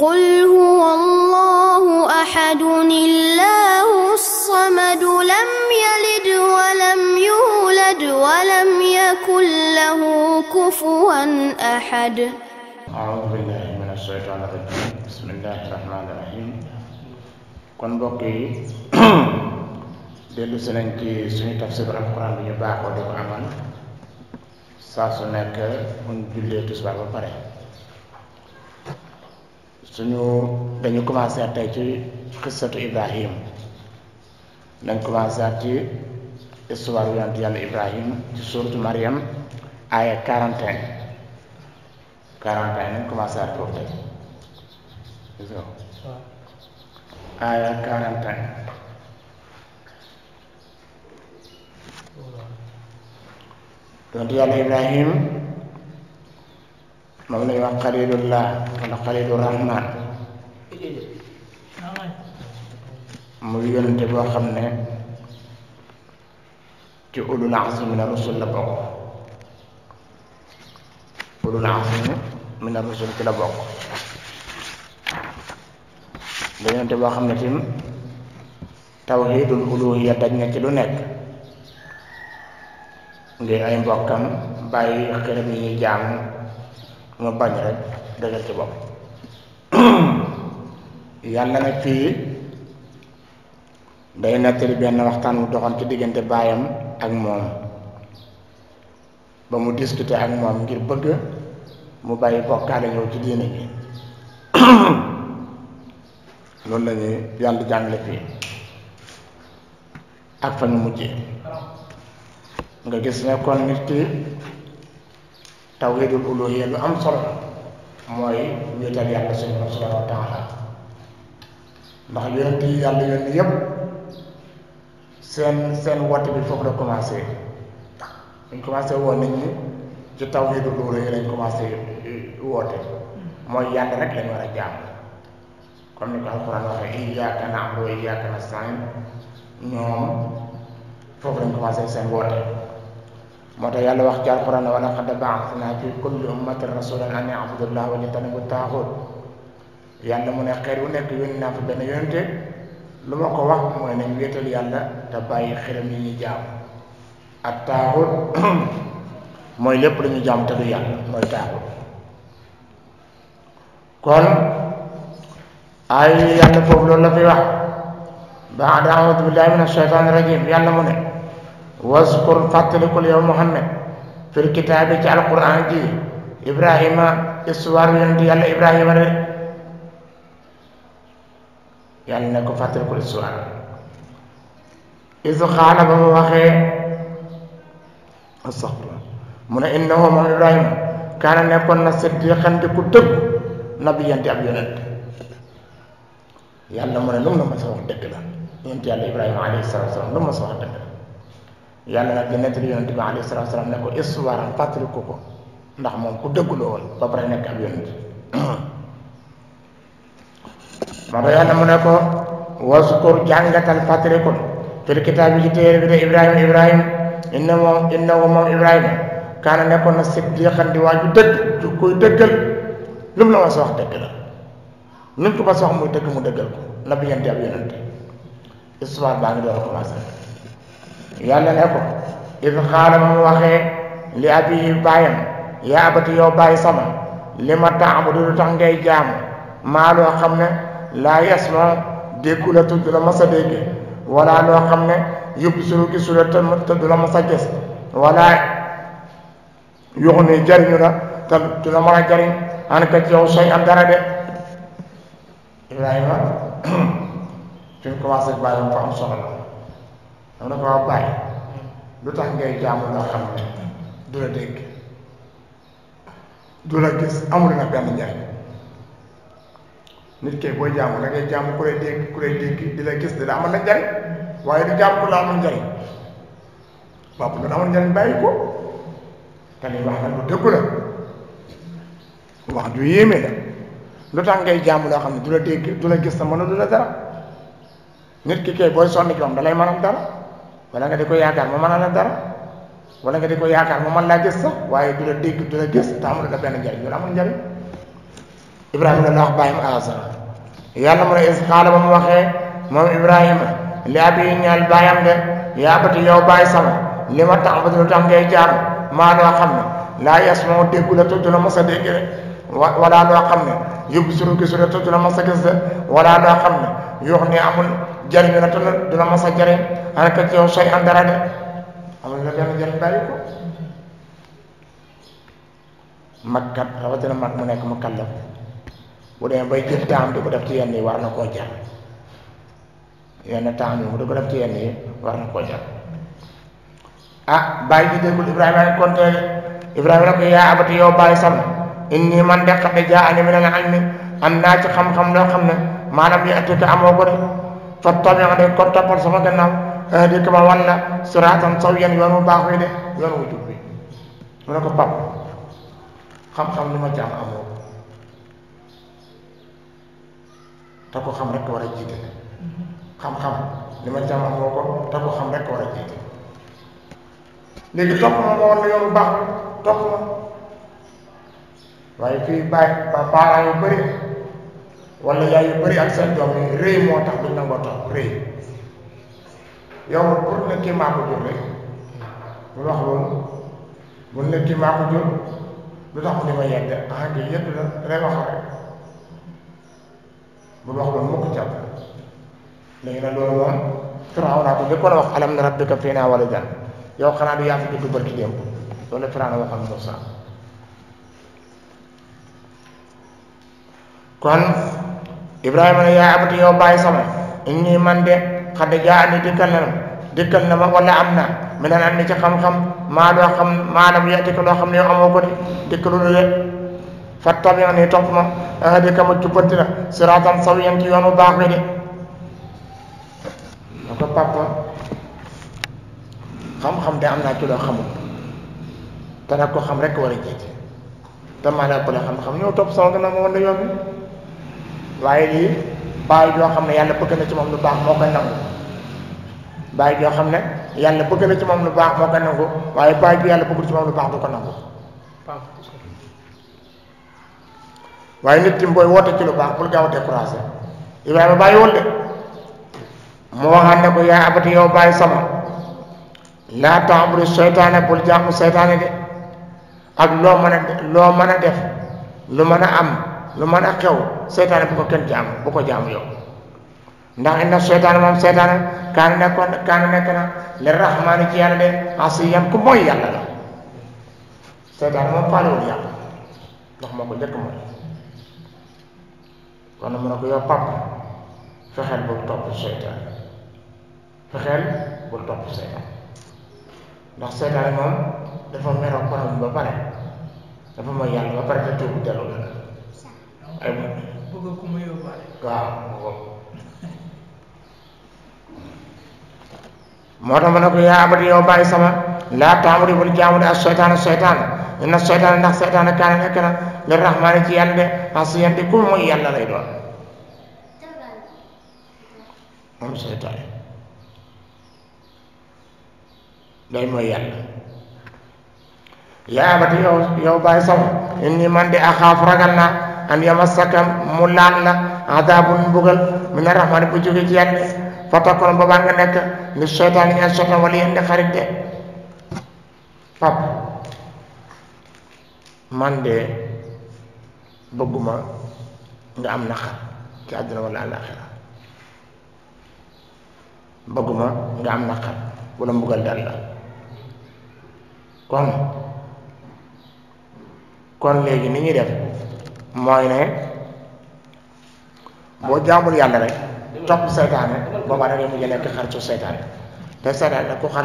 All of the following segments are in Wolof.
قل هو الله أحد الله الصمد لم يلد ولم يولد ولم يكن له كفوا أحد أعوذ بالله من الشيطان الرجيم بسم الله الرحمن الرحيم كن بقي دلو سننكي si تفسير ci suñu tafsir alquran bi ñu من جلية تسبع amal suñu dañu commencé tey ci xissatu Ibrahim dañ commencé ci histoire yonent yàlla Ibrahim ci suuratu Mariam aaya quarante un quarante un nañ commencé foofu tey aaya quarante un yonent yàlla Ibrahim moom la ñuy wax xalilullah wala xalilu rahman muy yonente boo xam ne ci ulul azmi mina rusul la bokk ulul azmi mina rusul ci la bokk da yonente boo xam ne tim tawhidul uluhiyya daj na ci lu nekk ngir ay mbokkam bàyyi xërëm yi ñuy jaamu ma bañ rek dëggal ci bopp yàlla nag fii day nettali benn waxtaan mu doxoon ci diggante baayam ak moom ba mu discuter ak moom ngir bëgg mu bàyyi bokkaale ñëw ci diine bi loolu la ñuy yàlla jàngale fii ak fa ñu mujjee nga gis ne nit ki tawhidul uluhiyya lu am solo mooy wéetal yàlla suñu borom subhanahu wa taala ndax yonent yi yàlla yónni yépp seen seen woote bi foofu la commencé dañ commencé woo nit ñi ci tawhidul uluhiyya lañ commencé eh, woote mooy yàlla rek lañ war a comme ni ko alquran waxee iyyaaka na'budu wa iyyaaka nasta'iin ñoom foofu lañ commencé seen woote moo tax yàlla wax ci alquran wala xad baaxnaa fi kulli ummatin rasulan an yaabudullaah wa yajtanibu taaxut yàlla mu ne xeet wu nekk yónni naa fa benn yonente lu ma ko wax mooy nañ wéetal yàlla te bàyyi yi ñuy jaam ak taaxut mooy lépp lu ñu jaam te du yàlla mooy taaxut kon ay yàlla foofu loolu la fay wax baada audu billahi min ashaytan rajim yàlla mu ne واذكر فاتلك يا محمد في الكتاب تاع القران دي ابراهيم اسوار يندي على ابراهيم يعني انك فاتلك اسوار اذ قال ابو وخي استغفر من انه من ابراهيم كان نكون صديقا دي نبي ينتي ابي ينت يالله من لم نمسوا دك لا ينتي على ابراهيم عليه الصلاه والسلام لم نمسوا دك لا yàlla nag di nettali yonent bi alayhi salaatu salaam ne ko histoire am fàttaliku ko ndax moom ku dëggu la woon ba pare nekk ab yonent moo tax yàlla mu ne ko waskur jàngatal fàttalikul fil kitaab bi ci téere bi de na siddiqan di waaju dëgg ju koy dëggal lu mu la mas a wax dëgg la lu mu ko mas a wax muy dëgg mu dëggal ko nabiyante ab yonent histoire baa ngi door a commencé. yàlla ne ko if xaala ma mu waxee li abihi bàyyam yaa abati yow bàyyi sama li ma taabudu lu tax ngay jaam maa loo xam ne laa yasma déggu la tudd la mas dégg wala loo xam ne yóbbu sunu gisu la te du la mas a gis wala yoxu ni jariñu la te du la mën jariñ an ka ci yow soñ am dara de Ibrahima fi mu commencé fa am solo dama ne waa bàyyi lu tax ngay jaamu loo xam ne du la dégg du la gis amul na booy jaamu da ngay jaamu ku lay dégg di la gis di la amal na njariñ waaye du jaamu ku la amal njariñ waaw bu la amal njariñ bàyyi ko te li wax nag lu dëggu la wax ju yéeme la lu tax ngay jaamu loo xam ne du la dégg du la gis a mënul la dara nit ki kay booy sonn ci moom da lay mënam wala nga de ko yaakaar mu mën a la dara wala nga di yaakaar mu mën laa gis sax waaye du la dégg du la gis te amul la benn njariñ loolu amul njariñ Ibrahima la wax bàyyim yàlla mu ne is xaala ba mu waxee moom Ibrahima li abi ñaal de yaa bati yow bàyyi sama li ma tax ba lu tax ngay jaam maa loo xam ne laa yes moo déggu la tudd la a dégg de wala loo xam ne yóbbu suru gisu la tudd la mos a gis de amul jariñu la tudd la mos a xanaa kat yow sooy am dara de amul la ko mag mu nekk mu kàllam bu demee bay jël taam di ko def ci yenn yi war na koo jar yenn taam yi mu di ko def ci yenn yi war na jar ah bàyyi ji déggul Ibrahima ne kon tey Ibrahima ne ko yaa abati yow bàyyi sam inni man de qad jaa'anii mina al-ilmi am naa ci xam-xam loo xam ne maanaam yi ati te amoo ko de fa toog nga ne kon toppal sama gannaaw. Eh, di ko ma wan na suraatan sawiyan yoon baax wi de yoon wu jub bi ko pap xam-xam lu ma jaam amoo te ko xam rek ko te ko xam rek war a jiite léegi topp ma ma wan na yoon wu baax topp ma waaye fii bàyyi ba yu bëri wala yaay yu bëri ak seen doom yi rëy moo tax duñ nangoo topp rëy yow bu nekkee maa jur rek bu nekkee maa jur lu tax di ma yedd ah kay yedd la rek wax rek bu wax jàpp léegi nag loolu moom Firawna ko jëkkoon a wax alam nurabbika fiinaa waladan yow xanaa du yaa fi dugg barki démb loolu la Firawna waxal Muusa kon Ibrahima ne yaa abati yow bàyyi sama inni man de xad jaani dikkal na dikkal na ma wala am na mi ne am ni ci xam-xam maa loo xam maanaam yati ko loo xam ne yow amoo ko de dikkalu lu de fattabi ni topp ma ahdika ma jubbanti la siratan sawiyan ci yoonu baax bi de ko papa xam-xam de am naa ci loo xamul te nag ko xam rek war a jiite te maa laa ko la xam-xam ñëw topp sama gannaaw ma wan la yoon bi waaye lii bàyyi yoo xam ne yàlla bëgg na ci moom lu baax moo koy nangu baay joo xam ne yàlla bëgg na ci moom lu baax moo ko nangu waaye baay bi yàlla bëggul ci moom lu baax du ko nangu waaye nit tim booy woote ci lu baax bul gaaw a découragé Ibrahima bàyyi woon de mu waxaat ne ko yaa abati yow bàyyi sama laa ta'budu seytaane bul jaamu seytaane de ak loo mën a loo mën a def lu mën a am lu man a xew seytaane bu ko kenn jaamu bu ko jaamu yow ndax inna shaytan mom shaytan kan na kon kan nek na li rahman ci yalla de asiyam ku moy yalla la shaytan mom falul ya ndax mako dekk mo kon mo nako yo pap fexel bu top shaytan fexel bu top shaytan ndax shaytan mom dafa mero ko borom ba pare dafa moy yalla ba pare te tubu delu bu ko ko moy yo pare ka moo tax mu ne ko yaa abati yow bàyyi sama laa taamuri bul jaamu ak seytaane seytaane inna seytaane ndax seytaane kaana nekk na li rahmaani ci yàlla de asiyan ku muy yàlla lay doon moom seytaane day mooy yàlla yaa abati yow yow bàyyi sama inni man de axaaf ragal naa an yamassaka mu laal la adaabun mbugal mina rahmaani bu jóge ci yàlla fatakoon boobaa nga nekk li seytaane ñeen seytaane wala yéen di xarit de pap man de bëgguma nga am naqar ci àdduna wala àllaaxira bëgguma nga am naqar wala mbugal dal la kon kon léegi ni ñuy def mooy ne boo jaamul yàlla rek topp seytaane boobaa da ngay mujj nekk xaritu seytaane te seytaane nag ku sa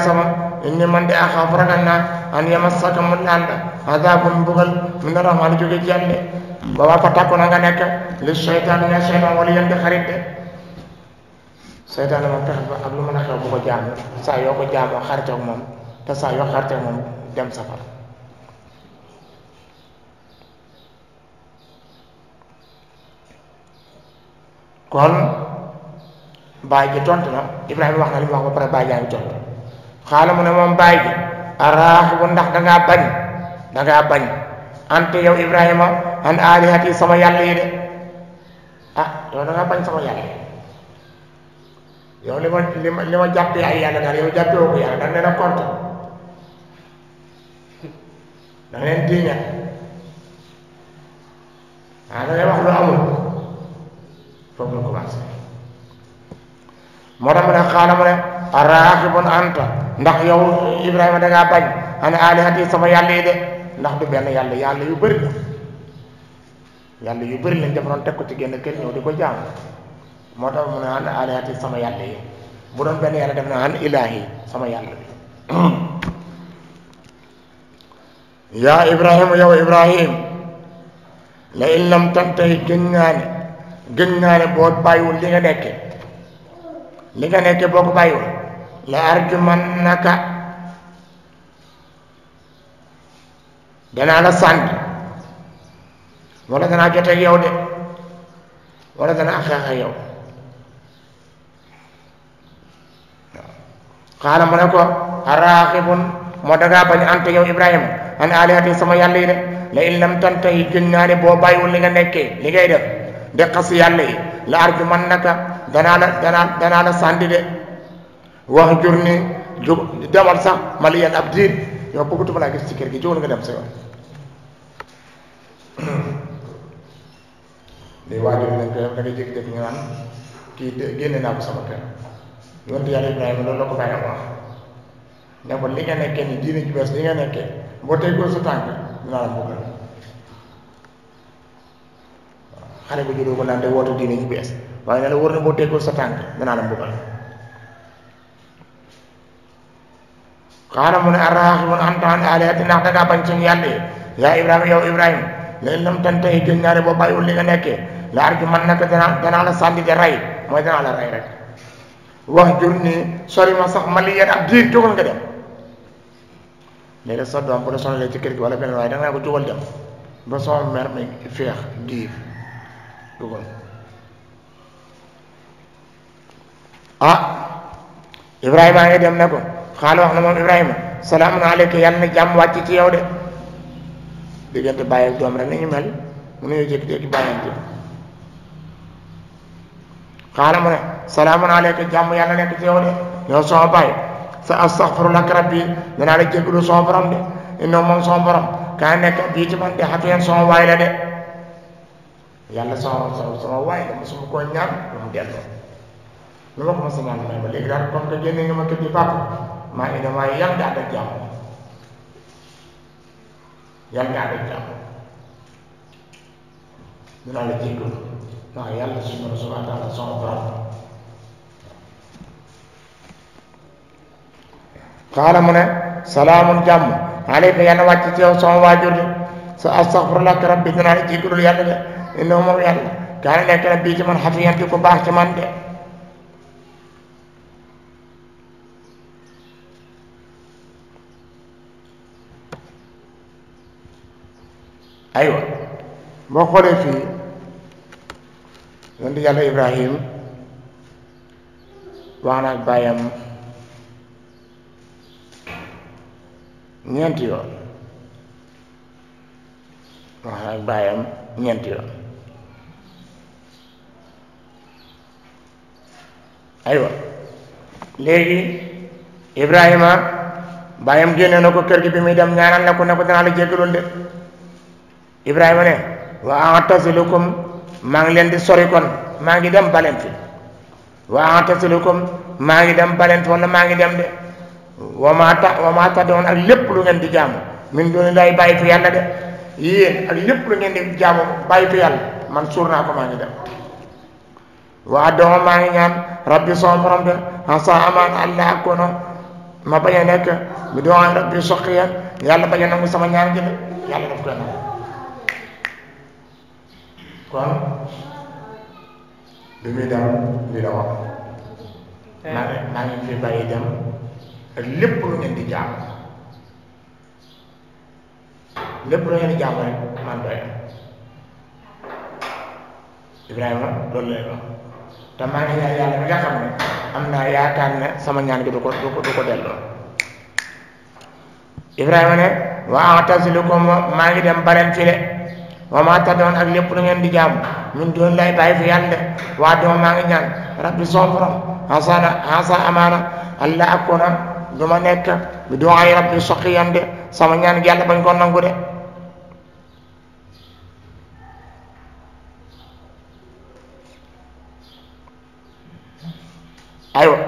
fan man di axaafu ragal naa an yamassaka mu laal na nga nekk li seytaane ne seytaan wala yéen di xarit de moom pexe lu a xew bu ko jaamu saa yoo dem sa kon baay ji tontu na Ibrahima wax na li wax ba pare baay jaa ngi tontu xaala mu ne moom baay ji araax bu ndax dangaa bañ dangaa bañ ante yow Ibrahima an alihati sama yàlla yi de ah yow dangaa bañ sama yàlla yow li ma li ay yàlla daal yow jàppee woo ko yàlla da compte da nga leen ah da wax lu amul. foofu la commencé moo tax mu ne xaala mu ne araaxibun anta ndax yow ya Ibrahima da ngaa bañ ana alihati sama yàlla yi de ndax du benn yàlla yàlla yu bëri la yàlla yu bëri lañ defaroon teg ko ci génn kër ñëw di ko jaam moo tax mu ne an alihati sama yàlla yi bu doon benn yàlla def na an ilahi sama yàlla bi yaa Ibrahima ya yow Ibrahim la in lam tantahi gén gën naa boo bàyyiwul li nga nekke li nga nekke boo ko bàyyiwul la arjumannaka danaa la sànni wala danaa jot ak yow de wala danaa xeex ak yow xaala mu ne ko araaxibun moo dangaa bañ ante yow Ibrahima an alihati sama yàlla yi de la in lam tantahi gën naa boo bàyyiwul li nga nekke li ngay def deqas yalla yi la arjumannaka danaa la danaa danaa la sàndi de wax jurni demal sax maliyan la yo ab diir yow gis ci kër gi joon nga dem sa yoon léegi waajur nañ da nga jek def ñu naan kii génne naa ko sama kër yonte yàlla Ibrahima loolu la ko bàyyi wax ne ko li nga nekké ni diine ci bes li nga nekké bo tay ko sa tank dinaa la bëggal xale bu juddoo ko naan te woote diine bees waaye ne la boo teggoo sa tànk danaa la mbugal xaala mu ne arraxibun anta ndax da ngaa bañ suñu yàlla ibrahima yow ibrahima la in lam tantahi gén ñaare boo bàyyiwul li nga nekkee la arju man naka danaa danaa la sànni de rey mooy danaa la rey rek wax jur sori ma sax ma li ab diir jógal nga dem léegi sa doom bu la sonalee ci kër gi wala beneen dem ba sama mer mi feex diir Google. Ibrahim ಆಗಿದೆ ಅಮ್ನಕು ಖಾಲು ಹನುಮ ಇಬ್ರಾಹಿಂ ಸಲಾಮನ್ ಆಲಕ್ಕೆ ಎನ್ನ ಜಮ್ ವಾಚಿ ಚಿ ಅವಡೆ ದಿಗಂತ ಬಾಯಲ್ ತು ಅಮ್ರ ನಿಂಗೆ ಮೇಲೆ ಮುನಿ ಜೆಕ್ ಜೆಕ್ ಬಾಯಲ್ ತು ಖಾಲ ಮನೆ ಸಲಾಮನ್ ಆಲಕ್ಕೆ ಜಮ್ ಎನ್ನ ಚಿ ಅವಡೆ ಯೋ ಸೋಪಾಯ್ ಅಸ್ತಗ್ಫಿರು ಲಕ ರಬ್ಬಿ ನಾನು ಆಲಕ್ಕೆ ಗುರು ಸೋಪರಂ ಇನ್ನು ಮಂ ಸೋಪರಂ ಕಾಯನೆ ಕ ಬೀಚ ಬಂದೆ ಹಫಿಯನ್ ಸೋವಾಯ್ಲಡೆ yalla so so so way dama su ko ñaan dum delo lu ko sama ñaan may ba legi dal kon ko genn nga ma ko pap ma ni dama yalla da jamm yalla da jamm dina la jéggal ndax yàlla suñu borom subhanahu wa taala sama borom xaala mu ne salaamun jàmm alayka yalla wacc ci yow sama waajur sa astaghfirullah rabbi dina la jéggalul yàlla innahu moom yàlla kaana nekk na bii ci man xafiyan di ko baax ci man de aywa boo xoolee fii yonent yàlla ibrahim wax na ak bàyyam ñeenti yoon wax na ak bàyyam ñeenti yoon aywa léegi Ibrahima bàyyam génne na ko kër gi bi muy dem ñaanal na ko ne ko danaa la jéggalul de Ibrahima ne wa a'tazilukum maa ngi leen di sori maa ngi dem baleen waa wa a'tazilukum maa ngi dem baleen fi maa ngi dem de wa maa ta wa lépp lu ngeen di jaamu min dooni lay bàyyi fi yàlla de yéen ak lépp lu ngeen di jaamu bàyyi fi man suur naa ko maa ngi dem waa dooma maa ngi ñaan rabbi sama borom de asa amaan allah akono ma bañ a nekk bi rabbi soqiya yàlla bañ a nangu sama ñaan gi de yàlla daf nangu kon bi muy dem li maa ngi fi bàyyi dem lépp lu ngeen di jaam lépp lu ngeen di jaam man doy Ibrahima loolu lay te maa ngi ñaan yàlla mi nga xam ne am naa yaakaar ne sama ñaan gi du ko du ko du ko delloo Ibrahima ne wa a'tazilukum maa ngi dem bareen ci de wa maa tad'uun ak lépp lu ngeen di jaamu min doon lay bàyyi fi yàlla de waa dama maa ngi ñaan rabbi son borom hasana hasa amaana allah akuna du ma nekk bi duwaay rabbi de sama ñaan gi yàlla bañ ko nangu de aywa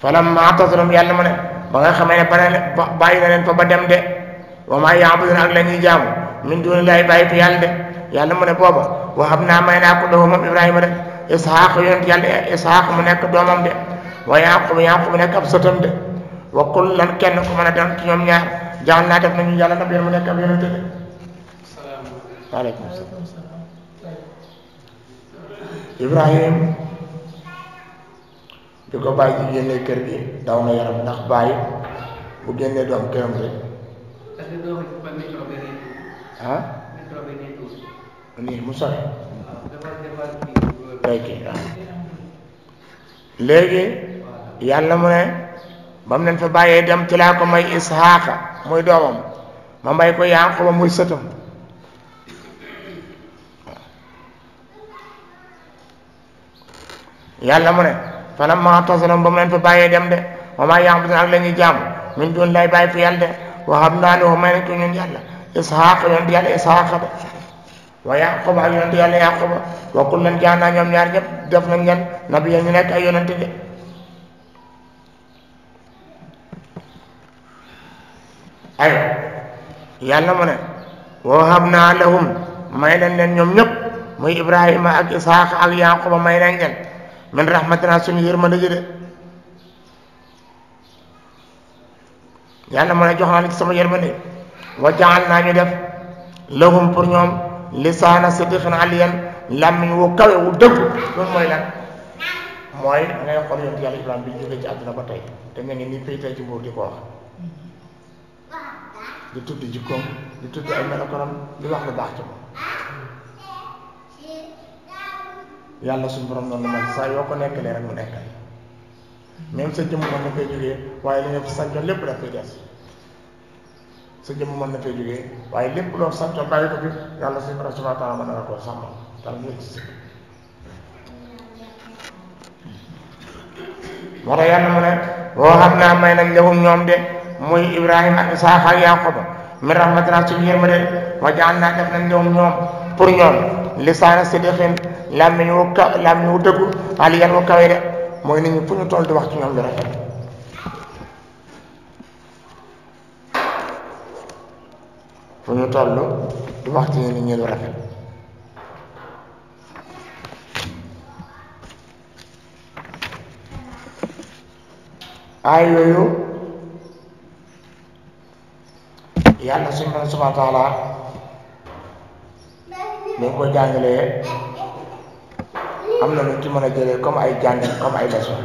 falamma atasalum yàlla mu ne ba nga ne bane ba dem de wa maa yaabuduna ak la ñuy jaamu min dunillahi bàyyi fi yàlla de yàlla mu ne booba wahab naa may naa ko lahu moom ibrahima de isxaq yonent yàlla isxaq mu nekk doomam de wa yaqub yaqub nekk ab sëtam de wa kullan kenn ku mën a dem ci ñoom ñaar jaxal naa def nañu yàlla nab yéen mu nekk ab yonent de waaleykum salaam ibrahim bi ko bàyyi ji génnee kër gi daw na yaram ndax bàyyi bu génnee doom këram rek ah, léegi yàlla mu ne ba mu leen fa bàyyee dem ci laa ko may Isxaaqa muy doomam ma may ko Yaaqooba muy sëtam yàlla mu ne falammaa atasalahum ba mu leen fa bàyyee dem de wa maa ya'buduuna ak la ñuy min doon lay bàyyi fi yàlla de wa yaquba ak yonent yàlla yaquba leen leen ñoom ñëpp muy ibrahima ak isxaaqa ak yaquba may nañ leen man rahmatinaa suñu yërmande ji de yàlla mo la jox naa ci sama ne wa jaal naa ñu def lahum pour ñoom lisaana sidqin aliyan làmmiñ wu kawe wu dëgg loolu mooy lan mooy ngay xol yonent yàlla ibrahim bi ñu ci àdduna ba tey te nga ni nii fii tey ci mbuur di ko wax di tudd jikkoom di tudd ay melokoram di wax lu baax ci moom yàlla suñu borom noonu la mel yoo ko nekkalee rek mu nekkal même sa jëmm mën na fee jógee waaye lépp daf koy des sa mën na fee jógee lépp loo sàncoon bàyyi ko fi yàlla suñu borom subhanahu wa taala mën na la ko mu si moo yàlla mu ne woo xam naa may nag lewum ñoom de muy Ibrahima ak Isaaxa ak Yaquba mi rahmatina suñu yërmande wa jaan naa def nañ lewum ñoom pour ñoom lisaana siddiqin làmmiñ wu ka làmmiñ wu dëggu aliyan wu kawe de mooy nit ñi fu ñu toll di wax ci ñoom lu rafet fu ñu toll di wax ci nit ñi lu rafet ay yooyu yàlla suñu subhaanahu wa taala dañ ko jàngalee am na lu ci mën a jëlee comme ay jàngat comme ay leçon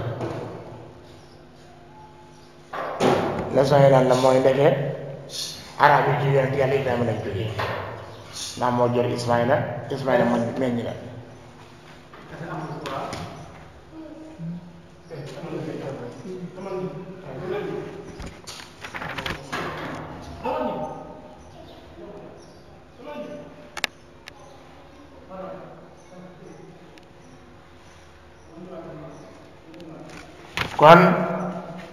leçon yi lan la mooy ndeke arab yi ci yonent yàlla Ibrahima lañ jógee ndax moo jur Ismaïla Ismaïla moo meññ kon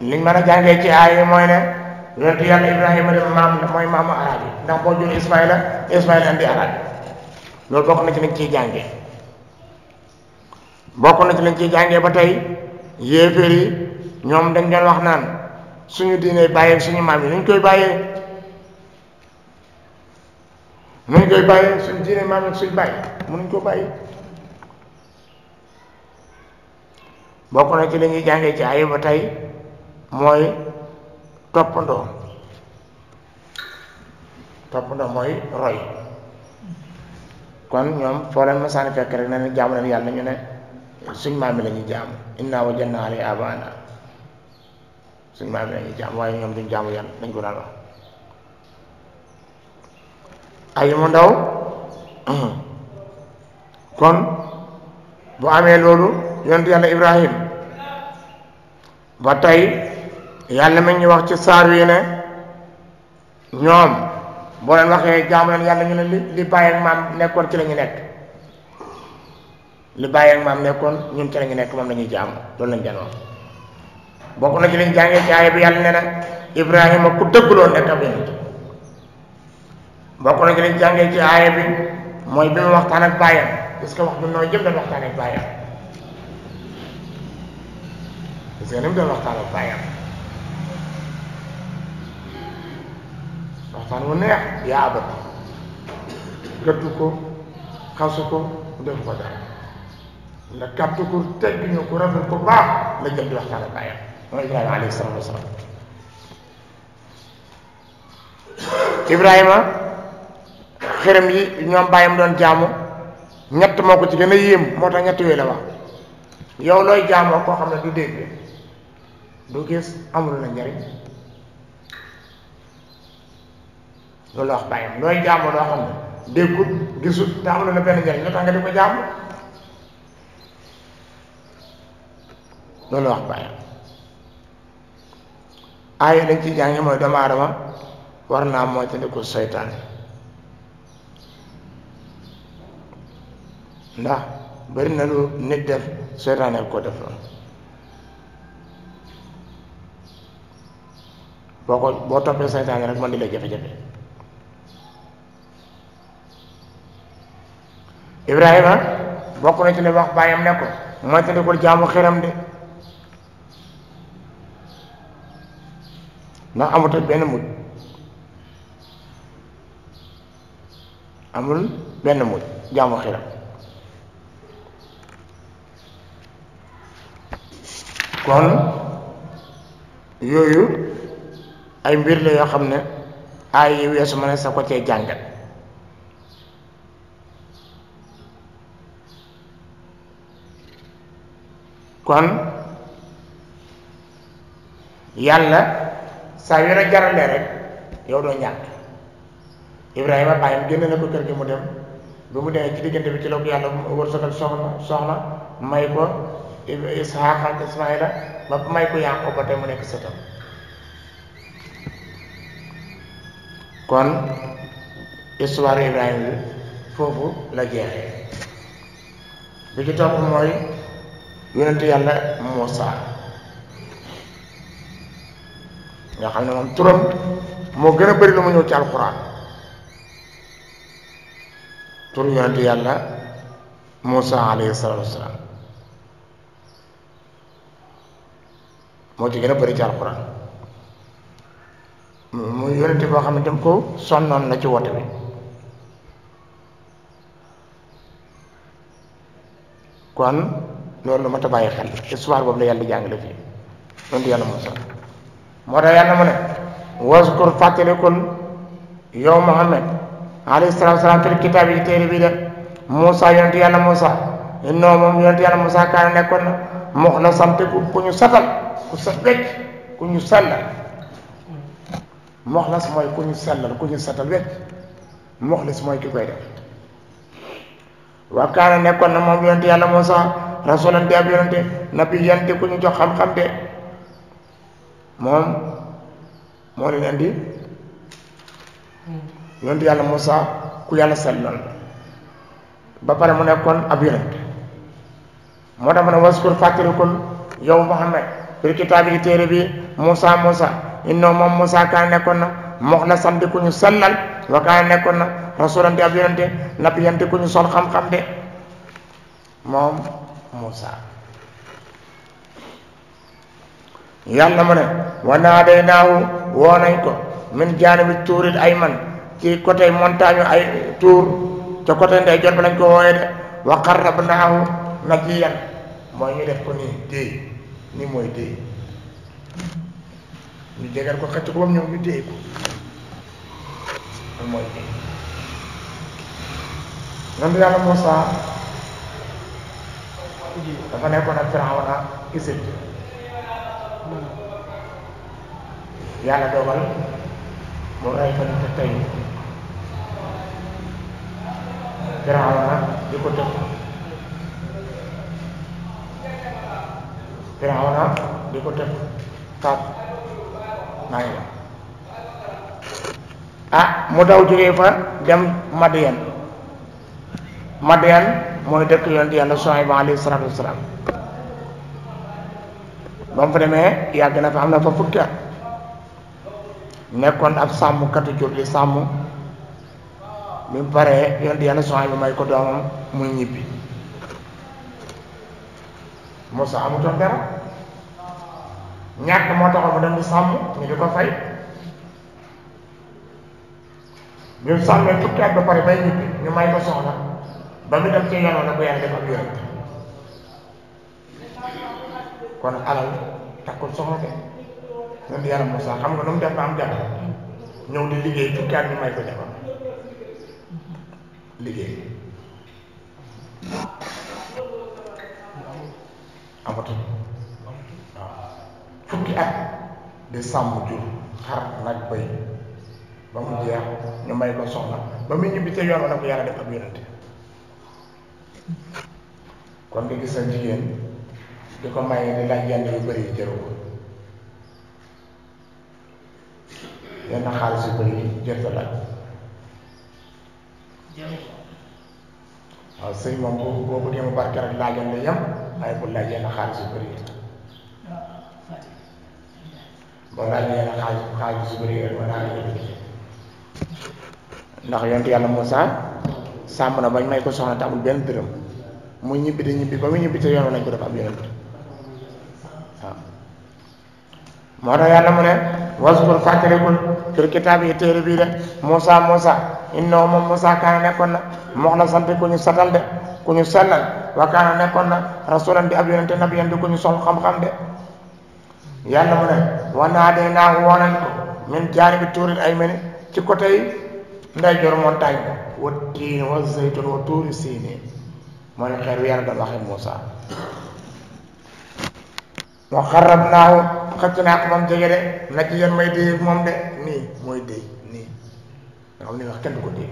liñ mën a jàngee ci aay yi mooy ne yonentu yàlla Ibrahima de maam mooy maamu arab yi ndax boo jur Ismaïla Ismaïla indi arab yi loolu bokk na ci lañ ciy jàngee bokk na ci lañ ci jànge ba tey yéeféer yi ñoom dañ doon wax naan suñu diine bàyyee suñu maam yi nuñ koy bàyyee nuñ koy bàyyee suñu diine maam yi suñu bàyyi mënuñ ko bàyyi bokk na ci li ñuy jàngee ci ay ba tey mooy toppandoo toppandoo mooy roy kon ñoom foo leen masaan fekk rek na ne jaamu leen yàlla ñu ne suñ maam yi la ñuy jaamu inna wajadna alay abaana suñ maam yi la ñuy jaamu waaye ñoom duñ jaamu yàlla dañ ko daan wax ay mu ndaw kon bu amee loolu yonent yàlla Ibrahim ba tey yàlla mi ñuy wax ci saaru yi ne ñoom boo leen waxee jaamu leen yàlla ñu ne li li bàyyi maam nekkoon ci la ñu nekk li bàyyi ak maam nekkoon ñun ci la ñu nekk moom la ñuy jaamu loolu lañ leen wax bokk na ci liñ jàngee ci aaya bi yàlla ne na Ibrahima ku dëgguloon nekk ab yonent bokk na ci liñ jàngee ci aaya bi mooy bi mu waxtaan ak bàyyam parce que wax bi nooy jëm dañ waxtaan ak bàyyam gis ni mu doon waxtaan ak bàyyam waxtaan mu neex yaa abat ko xasu ko mu def ko dara la kàttu ko tegg ñu ko rafet ko baax la jël di waxtaan ak bàyyam mooy Ibrahima alayhi salaatu wasalaam Ibrahima xërëm yi ñoom mu doon jaamu ñett moo ko ci gën a yéem moo tax ñett yooyu la wax yow looy jaamoo koo xam ne du dégg doo gis amul la njariñ loolu la wax bàyyam looy jaamu loo xam ne déggul gisul te amul la benn njariñ la tax nga di ko jaamu loolu wax bàyyam aaya dañ ci jànge mooy doomu aadama war naa mooy te ko seytaane ndax bari na lu nit def seytaane ko def loolu boo ko boo toppee saytaane rek man di lay jafe-jafe Ibrahima bokk na ci li wax bàyyam ne ko jaamu xiram de ndax amut benn mujj amul benn mujj jaamu xiram kon yooyu ay mbir la yoo xam ne ay yi weesu ma ne sa ko cee jàngat kon yàlla saa yu la jaralee rek yow doo ñàkk Ibrahima bàyyam génn na ko kër gi mu dem bi mu demee ci diggante bi ci yàlla ko yàlla wërsëgal soxna soxla may ko Isxaaqa ak Ismaayla ba may ko Yaaqoob ba tey mu nekk sëtam kon histoire Ibrahima bi foofu la jeexee bi ci topp mooy yonent yàlla Muusa nga xam ne moom turam moo gën a bëri lu mu ñëw ci alxuraan tur yonent yàlla Muusa moo ci gën a bëri ci alxuraan muy yonente boo xam ne dem ko sonnoon la ci woote bi kon loolu lu mat bàyyi xel histoire boobu la yàlla jàngale fii loolu yàlla Muusa moo tax yàlla mu ne waskur fàttalikul yow Muhammad alayhi salaatu salaam fil kitaab yi téere bii de Muusa yonente yàlla Muusa innoo moom yonente yàlla Muusa kaana nekkoon na muxlasan ku ñu satal ku sa wecc ku ñu sell moxlas moy kuñu ñu sellal ku ñu wet moxlis moy ki koy def wa kana nekkoon na mom yonte yalla Muusa rasulan Mom, ab yonente nabi yonte kuñu jox xam-xam de moom moo leen andi yonente yàlla Muusa ku yalla sellal ba pare mu waskur yow Muhammad kitabi tere bi musa musa innoo moom Moussa kaa nekkoon na muxlasan di ku ñu sellal wa kaa nekkoon na rasulan di ab yonente nabiyan di ku ñu sol xam-xam de moom Moussa yàlla mu ne wa naadaynaahu woo nañ ko min jaanibi tuuril ayman ci côté montagne ay tuur ca côté ndey jot ba lañ ko wooyee de wa qarrabnaahu najiyan mooy ñu def ko nii déy ni mooy déy ñu jegal ko xëcc ko ba mu ñëw ñu téye ko loolu mooy dee loolu yàlla Moussa dafa nekkoon ak Firawna Égypte yàlla dogal mu rey ko te tey Firawna di ko tëb Firawna di ko tëb kaat maa ngi dem ah mu daw jógee fa dem Madian Madian mooy dëkk yonent yàlla Suhayb alayhi salaatu wasalaam ba mu fa demee yàgg na fa am na fa fukki at nekkoon ab sàmmkatu jur li sàmm bi mu paree yonent yàlla Suhayb may ko doomam muy ñibbi Musa amutoon dara ñàkk moo taxoon mu doon di sàmm ñu di ko fay bi mu sàmmee fukki at ba pare bay ñibbi ñu may ko soxna ba mu dem ci yenoon ak yan def ak yooyu kon alal takkul soxna de ñun di yaram Moussa xam nga nu mu def ba am jabar ñëw di liggéey fukki at ñu may ko jabar liggéey amatul di sàmm jur xar nag bay ba mu jeex ñu may ko ba muy ñibbi ca yoon wa ko yàlla def ab yonente kon nga gis na jigéen di ko maye di laaj yenn yu bëri yi jëru ko yenn xaalis yu bëri yi jërta laaj waaw sëy moom boobu boobu dee barke rek laajal la yem waaye bu laaj yenn xaalis yu bëri yi Bolanya kaji kaji beri mana ndax yonent yàlla Moussa sàmm na bañ may ko soxna te amul dërëm mu ñibbi di ñibbi ba mu ñibbi te yoon lañ ko def yonent waaw moo tax mu ne wasbur fàttalikul fil kitaab yi téere bii de Moussa Moussa innoo moom Musa kaana nekkoon na mox la sant ku ñu satal de ku ñu wa na rasulan di ab yonente nabiyan di ku ñu soxla xam-xam de yàlla mu ne war dee naa woonañ ko min jaani bi tuuril ay mene ci côté yi nday jor montagne wa tiin wa zaytun wa tuuri siiniin moo ne wi yàlla doon waxe Muusa moo xarab naahu xëcc naa ko moom jege de na ci yoon may déy moom de nii mooy déy nii nga xam ne wax kenn du ko déy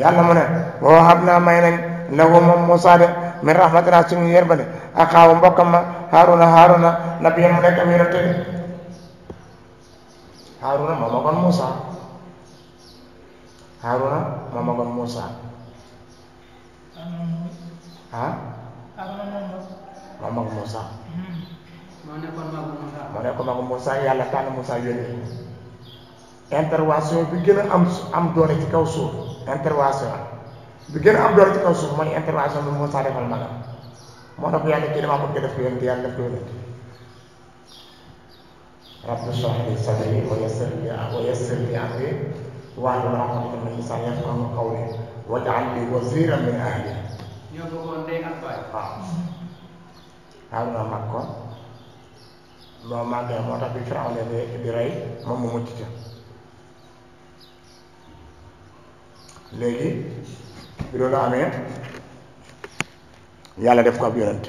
yàlla mu ne wa wahab naa may nañ lahu moom Muusa de min rahmatina sunu yërmande ak xaawu ma haruna haruna nabiyam mu nekk am musa haruna moo kan musa Moussa haruna moo musa Moussa ah moo mag Moussa moo nekkoon magu Moussa yàlla kan musa Moussa yónni intervention bi gëna am am doore ci kaw suuf intervention bi gën a am doole ci kaw suuf mooy intervention bi Moussa defal magam moo tax yàlla kii damaa bëgg def ko yonent ko yonent rabbi ishrah li sadri wa yassir li wa yassir li amri wahlul uqdatan min lisani yafqahu qawli waj'al li waziran min ahli ñoo bokkoon ndey ak baay waaw Haaruna mag ko moo màggee moo tax bi Firawna di rey moom mu mucc ca léegi bi loolu amee yàlla def ko ab yonent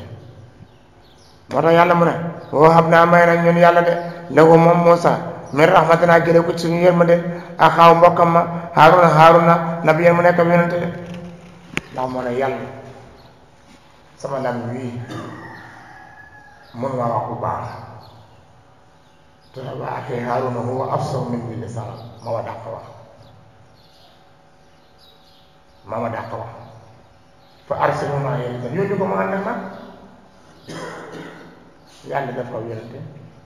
moo tax yàlla mu ne woo oh, xam naa may nañ ñun yàlla de lahu moom Muusaa min rahmatinaa gële ko ci suñu yërmande ak xaaw mbokkam ma Haaruna Haaruna nabiyyan mu nekk ab yonent de ndax moo ne yàlla sama lam wii mënuma wax bu baax te wa axi Haaruna huwa afsahu minni lisaanan ma wa dàq wax maa ma dàq wax fa arsilhu ma'iya ridan yónni ko mu ànd ak man yàlla dafa am yonente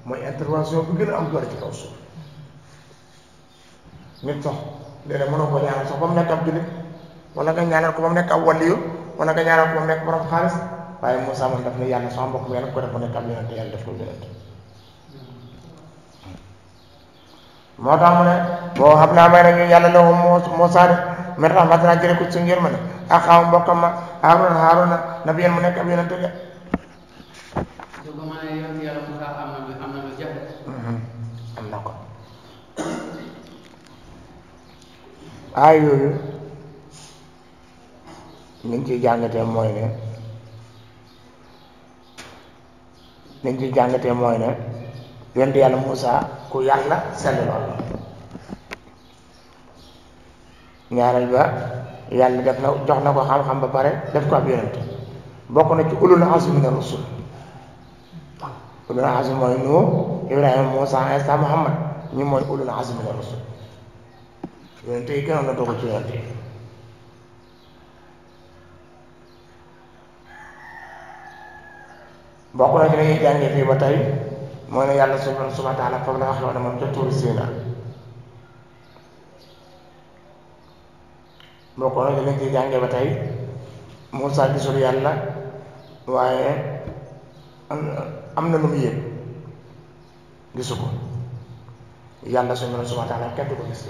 mooy intervention bi gën a am doole ci kaw suuf nit sax léeg-léeg mënoo ko ñaanal sax ba mu nekk ab jullit wala nga ñaanal ko ñaanal ko ba mu nekk borom xaalis waaye Moussa moom ko def mu nekk ab yonente yàlla def ko yonente moo tax mu ne boo xam naa may nañu yàlla la Moussa de min rahmatinaa jële ko ci suñu yërmande ak xaw mbokkam ma Haaruna Haaruna nabiyan mu nekk ab yonent de am na ko aay yooyu niñ ciy jàngatee mooy ne niñ ciy jàngatee mooy ne yonent yàlla Muusa ku yàlla selloon ñaareel ba yàlla def na jox na ko xam-xam ba pare def ko ab yonent bokk na ci ulul azmi mina rusul ulul azmi mooy Nuux Ibrahima Muusa Iisaa ñi mooy ulul azmi mina rusul yonent yi gënoon na dogu ci yonent yi bokk na ci dañuy jàngee fii ba tey mooy ne yàlla subhaanahu wa taala foofu la waxee ne moom ca Tuuri Siinaa boo ko waxee dañ ciy jànge ba tey Moussa gisul yàlla waaye am na lu mu yëg gisu ko yàlla suñu borom subhanahu wa taala kenn du ko gis ci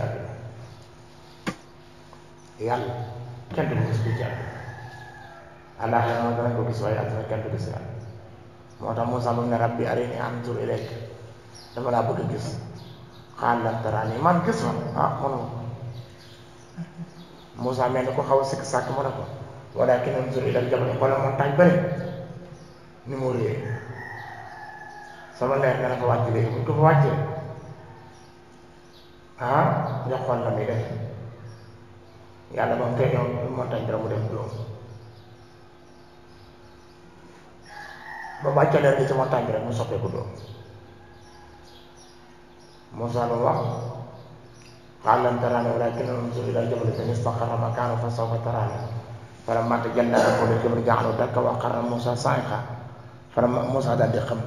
yàlla kenn du ko gis ci àdduna àllaaxira moom danañ ko gis waaye àdduna kenn du gis yàlla moo tax Moussa mu ne rabbi arini anzur ilayk dama laa bëgg a gis xaaral dara nii man gis ma ah mënuma Musa mel ko xaw sik sak mo nako wala ki walakin zuri dal jabal xoolal montagne bari ni mo re sama le nga ko wàcc le ko ko fa ha ya xol na mi muy def yàlla moom kay ñoom montagne dara mu def do ba wàccee leer gi ci montagne bi rek mu do mo sa lo wax قال لن تراني ولكن انظر الى الجبل فان استقر مكانه فسوف تراني فلما تجلى ربه للجبل جعله دكا وقر موسى صاعقا فلما موسى daal di xam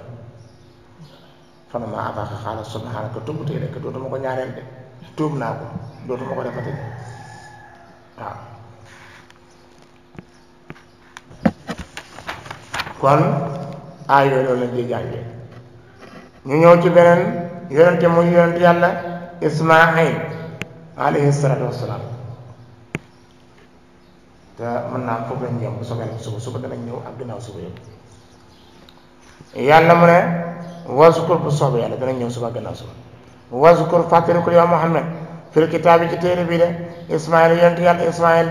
falammaa afaaqa qaala subhaanaka dootuma ko ñaareel de tuub naa ko dootuma ko defati kon aay yooyu loolu lañ ciy ñu ñëw ci beneen yonente muy yonente yàlla Ismaayil alayhi salaatu wassalaam te mën naa am foofu lañ ñëw bu soobee suba suba danañ ñëw ak ginnaaw suba yëpp yàlla mu ne bu soobee yàlla danañ ñëw suba gannaaw suba waskur fàttalikul yow Muhammad fil kitaabi ci téere bi de Ismaayil yonent yàlla Ismaayil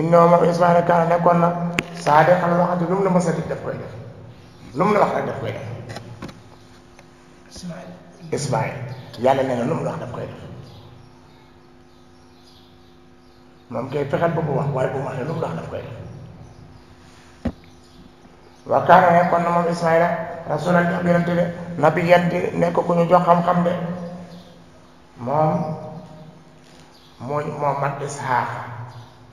innahu moom kaana nekkoon na saa de xam loo xam lu mu la mës a def koy def lu mu la wax def yàlla nee na koy def. mam kay fexeel ba bu wax way bu waxe lum la wax daf koy wa kaana nekkoon na moom Ismaïla rasulan ab yonente de nabiyan ne ko ko ñu jox xam-xam de mom moy moo mat Isxaaq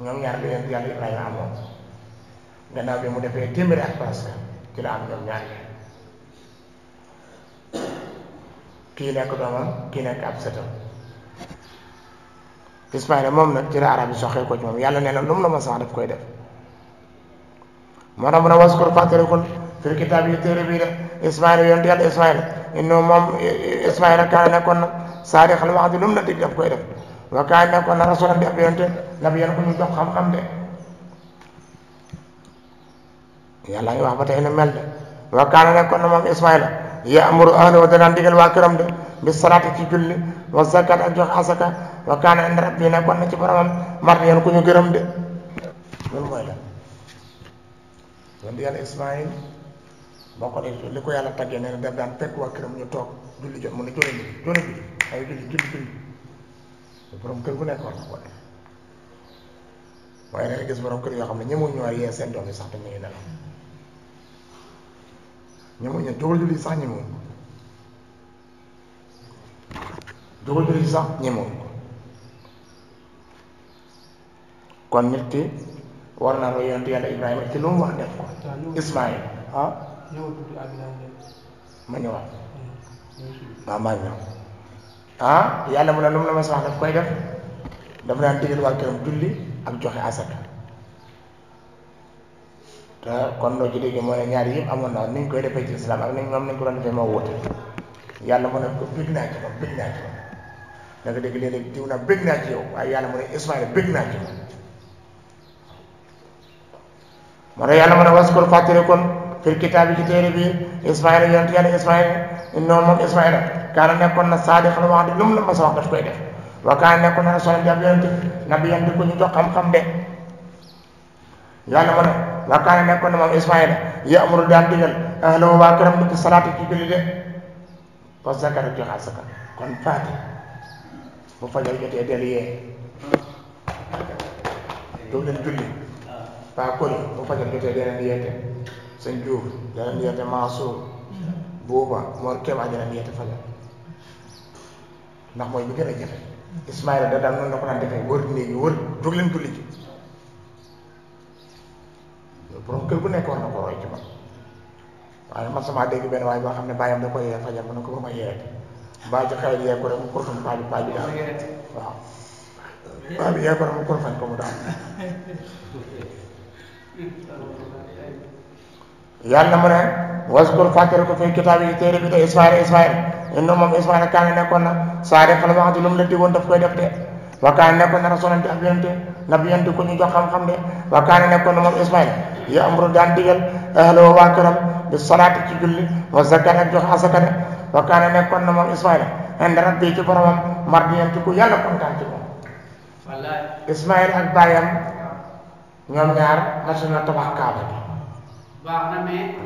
ñoom ñaar bi yonente yàlla Ibrahima amoon gannaaw bi mu defé timir ak passe ci la am ñom ñaar yi kii nekk doomam ki nek ab sëtam Ismaïla moom nag ci la arab yi soxee ko ci moom yàlla nee na lu mu la ma sax daf koy def moo tax mu ne waskur fàttalikul fil kitaab yi téere bii de Ismaïla yonent yàlla Ismaïla inno moom Ismaïla kaana nekkoon na saadixal waxdi lu mu la dig daf koy def wa kaana nekkoon na rasulan di ab yonente nabiyyan ku ñu jox xam-xam de yàlla ngi wax ba tey ne mel de wa kaana nekkoon na moom Ismaïla ya'muru ahlahu danaan digal waa këram de bi salaati ci julli wa zakat ak jox asaka wa kana inda rabbi nekkoon na ci borom mar yon ko ñu gërëm de loolu moy la wandi yalla ismaeil bako def dee li ko yàlla taggee nee na daan tek wa këram ñu tok julli jot mu ne jóge julli jóge ay julli julli julli borom kër gu nekk war ko def waaye da nga gis borom kër yo xamne ne ñu waa seen doomi sax yi sax dalal nelaw ñu dool julli sax ñemewuñu dool julli sax ñemewuñu kon nit ki war naa roy yonent yàlla Ibrahima ci lu mu wax def ko Ismaïl ma ñëwaat waaw maa ñëw ah yàlla mu ne lu mu la mas wax daf koy def dafa daan digal waa këram julli ak joxe asaka te kon loo ci déggee moo ne ñaari yëpp amoon na ni ñu koy defee ci islam ak ni moom nañ ko doon defee moo wóote yàlla mu ne ko bëgg naa ci moom bëgg naa ci moom da dégg léeg diw na bëgg naa ci yow waaye yàlla mu ne Ismaïl bëgg naa ci moom moo tax yàlla mën a ko fàttali kon fil kitaab bi ci téere bi Ismaïla yonent yàlla Ismaïla noonu moom Ismaïla kaana nekkoon na saadiqal wax di lu mu la mas a wax daf koy def wa kaana nekkoon na rasuulan di ab yonent nabiyyan di ko ñu jox xam-xam de a wa kaana nekkoon na moom Ismaïla ya'muru daan digal ahlahu waa këram bi salaati ko julli de wa zakari joxe asaka kon faati bu fajar jotee dellu yee Paa Koli bu fajar jotee deneen yeete sëñ Diouf deneen yeete Mansour Bouba Mor Kéema deneen yeete fajar ndax mooy bi gën a jafe Ismaïla da daal noonu la ko daan defee wër néeg yi wër jóg leen julli ji borom kër bu nekk war na ko roy ci man waaye man sama dégg benn waaye boo xam ne bàyyam da ko yee fajar mën na ko ba ma yee baa ci xayma yee ko rek mu kurfan paa bi paa bi daal waaw paa bi yee ko rek mu kurfan ko mu daal. yàlla mu ne waskur fàttali ko fii kitaab yi téere bi te Ismaayil Ismaayil inna moom Ismaayil kaane nekkoon na saa def la wax lu mu la digoon daf koy def de wa kaane nekkoon jox xam nekkoon na moom Ismaayil ya'muru daan digal ahlahu waa këram bi salaati ci julli wa zakat ak jox asaka de wa kaane nekkoon na moom Ismaayil inda rabbi ci boromam mardiyan ci ku yàlla kontaan ci moom Ismaayil ak baayam ñom ñaar na suñu tabax kaaba bi. baax na mais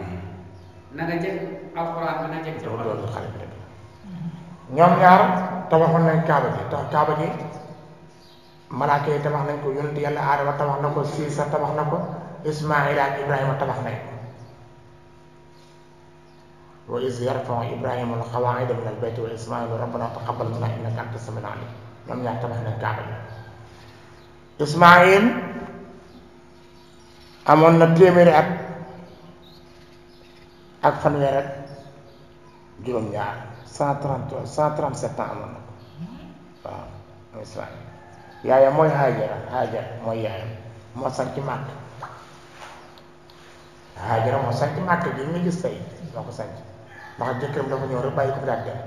na nga jël alxuraan bi na jël ci loolu xale bi dëgg ñaar tabaxoon nañ kaaba bi tax kaaba gi malaaka tabax nañ ko yonent yàlla tabax na ko tabax na ko ismaila ak ibrahima tabax nañ wa iz ibrahima min wa rabbana taqabbal minna innaka alim ñaar tabax kaaba bi ismail amoon na téeméeri at ak fanweer ak juróom-ñaar cent trente cent trente sept amoon na mooy Ismaayil yaayam mooy Haajara Haajara mooy yaayam moo sanc màkk Haajara moo sanc màkk bi ñu gis tey moo ko sanc ndax jëkkëram dafa ñëw rek bàyyi ko daal dem.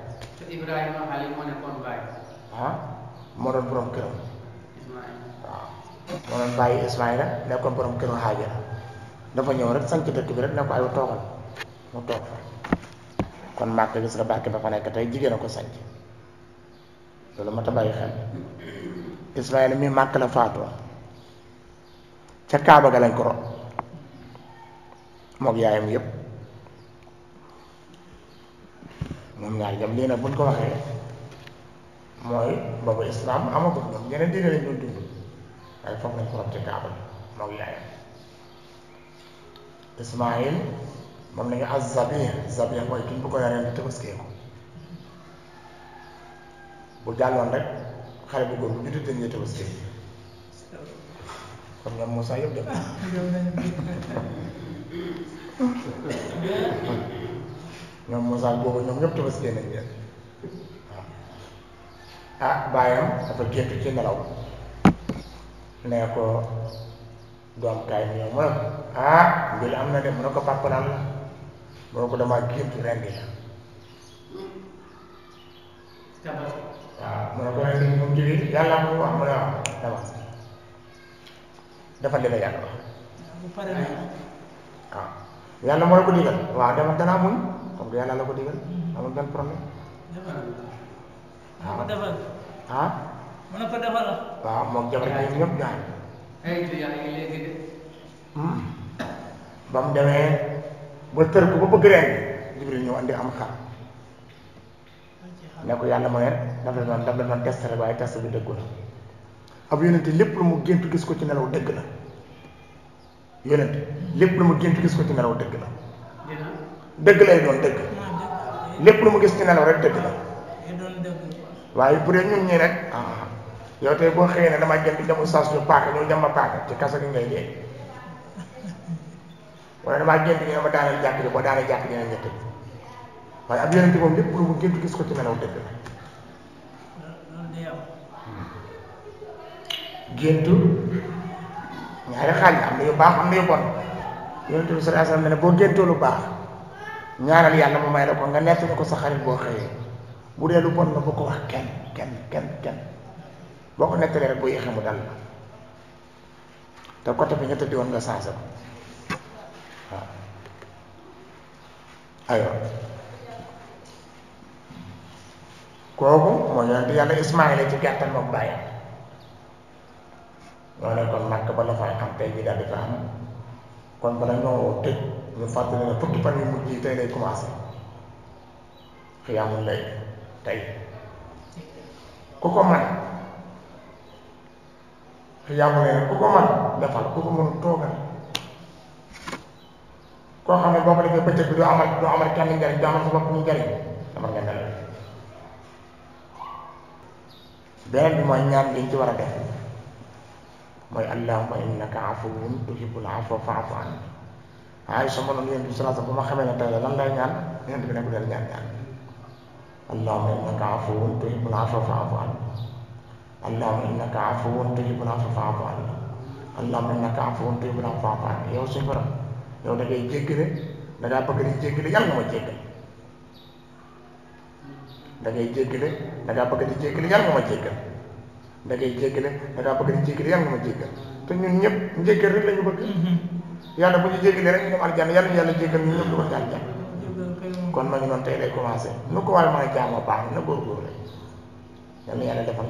Ah, moo doon borom këram. moo doon bàyyi Ismaïla nekkoon borom këru Haajara dafa ñëw rek sanc dëkk bi rek ne ko ay toogal mu toog fa kon màkk gis nga barke ba fa nekk tey jigéen a ko sanc loolu mat a bàyyi xel Ismaïla mi màkk la faatoo ca Kaaba ga lañ ko rob mook yaayam yépp moom ñaar jam lii nag buñ ko waxee mooy boobu islaam amagul ñoom ñeneen diine lañ doon dund waaye foofu lañ ko rob ci kaaba moog yaayam ismail moom lañu az zabih zabih mooy kiñ bu ko yareen tëbaskee bu jàlloon rek xale bu góor bu juddu dañuy tëbaskee kon ñoom Moussa yëpp dem ñoom Moussa boobu ñoom ñëpp tëbaskee nañ leen waaw ah baayam dafa géntu ci nelaw ne ko doom kay ñoo ma ne ko ah mbir am na de mu papa am boko mu ne ko dama gént rendi la waaw mu ne ko rendi mu jigi yàlla ko wax mo wax waaw dama dafa li la yàlla wax waaw yàlla moo la ko digal wa dama dana muñ comme que yàlla la ko digal amul ben problème dama ah, ah? mu waaw moom jabar ñoom ñëpp daal. ay te demee ba tër ko ba bëgg rek Jibril ñëw andi am xar ne yàlla mu ne daf la doon daf la doon test rek waaye test bi dëggu la ab yonente lépp lu mu gént gis ko ci nelaw dëgg la yonente lépp gis ko ci nelaw dëgg la dëgg doon dëgg lépp lu mu gis ci nelaw rek dëgg la waaye bu dee ñun ñi rek ah yow tey boo xëyee ne damaa gën di dem oustaz ñu paaka ñëw dem paaka ci kasa gi ngay dee wala damaa gën di nga ma daaneel jàkk ji boo daaneel jàkk ji ne ñett waaye ab yonente moom lépp lu gis ko ci nelaw dëgg la géntu ñaari xaaj am na yu baax am na yu bon yonente bi sallallahu alayhi wasallam ne boo géntoo lu baax ñaanal yàlla mu may la ko nga nett ko sa xarit boo xëyee bu dee lu bon nga bu ko wax kenn kenn kenn kenn boo ko nettalee rek bu yéexee mu dal te côté bi nga tëddi woon nga changé ko waaw aywa kooku moo yonent yàlla Ismaayla ci gàttal moom bàyyi ñoo ne kon màkk ba la fay am tey bi daal di fa am kon bala ñoo tëj ñu fàttali ne fukki fan yu mujj yi tey lay commencé xiyaamul lay tey ku ko man yamuneer ku ko man defal ku ko mënul toogal koo xam ne boo ko defee bëccëg bi du amal du amal kenn njariñ du amal sa bopp ñu njariñ dama nga mel beneen bi mooy ñaan liñ ci war a def mooy allahumma innaka afuwun tuhibbul afwa fa'fu anni ay sa mënoon yéen bi salaasa bu ma xamee ne tey la lan lay ñaan bi ne ñaan ñaan innaka afuwun afwa allahumma innaka afuwun tuhibbul afwa fa'fu anni allahumma innaka afuwun yow suñu yow da ngay jéggale da ngaa bëgg di jéggale yàlla nga ma jéggal da ngay jéggale da di jéggale yàlla nga ma jéggal da ngay jéggale da ngaa bëgg te ñun ñëpp njéggal rek la bëgg yàlla bu ñu jéggalee rek ñu dem aljanna yàlla yàlla jéggal ñu ñëpp dugal ci aljanna kon ma ngi noonu tey lay commencé nu ko waaye mën a jaamoo baax na góorgóorlu yal ada yàlla defal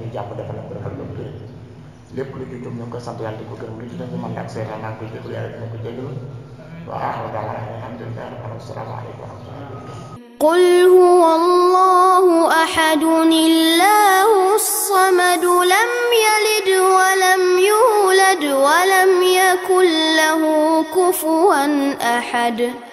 قل هو الله أحد الله الصمد لم يلد ولم يولد ولم يكن له كفوا أحد